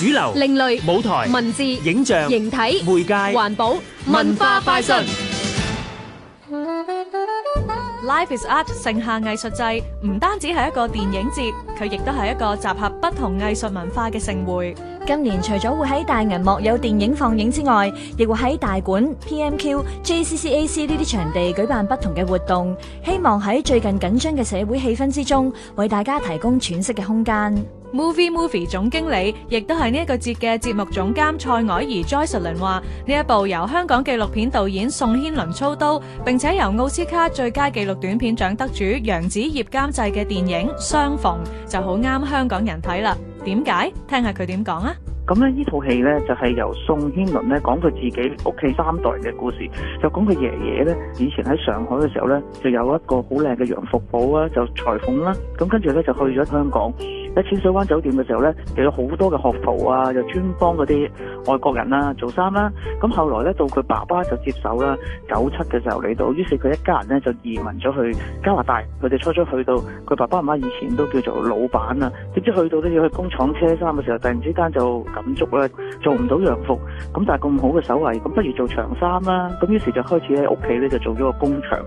主流、另類舞台、文字、影像、形體、媒介、環保、文化快訊。Life is art，盛夏藝術祭唔單止係一個電影節，佢亦都係一個集合不同藝術文化嘅盛會。今年除咗會喺大銀幕有電影放映之外，亦會喺大館、PMQ、JCCAC 呢啲場地舉辦不同嘅活動，希望喺最近緊張嘅社會氣氛之中，為大家提供喘息嘅空間。Movie Movie 總經理亦都係呢一個節嘅節目總監蔡凱儀 Jocelyn 話：呢一部由香港紀錄片導演宋軒倫操刀，並且由奧斯卡最佳紀錄短片獎得主楊紫燁監製嘅電影《相逢》就好啱香港人睇啦。點解？聽下佢點講啊！咁咧，呢套戲咧就係由宋軒倫咧講佢自己屋企三代嘅故事，就講佢爺爺咧以前喺上海嘅時候咧就有一個好靚嘅洋服舖啊，就裁縫啦。咁跟住咧就去咗香港。喺淺水灣酒店嘅時候呢，就有好多嘅學徒啊，又專幫嗰啲外國人啦、啊、做衫啦、啊。咁、嗯、後來呢，到佢爸爸就接手啦。九七嘅時候嚟到，於是佢一家人呢就移民咗去加拿大。佢哋初初去到，佢爸爸媽媽以前都叫做老闆啊。點知去到都要去工廠車衫嘅時候，突然之間就緊縮啦，做唔到洋服。咁但係咁好嘅手藝，咁不如做長衫啦。咁、嗯、於是就開始喺屋企呢就做咗個工場。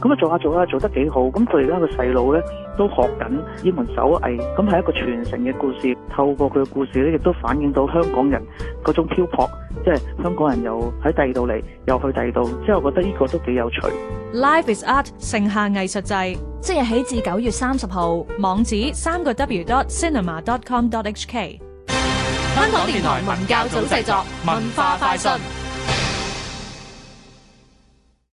咁、嗯、啊做下做下做，做，做得幾好。咁佢而家個細路呢都學緊呢門手藝。咁係個傳承嘅故事，透過佢嘅故事咧，亦都反映到香港人嗰種漂泊，即係香港人又喺第二度嚟，又去第二度。之後覺得呢個都幾有趣。Life is art，盛夏藝術祭，即日起至九月三十號，網址三個 w dot cinema dot com dot hk。香港電台文教組製作，文化快訊。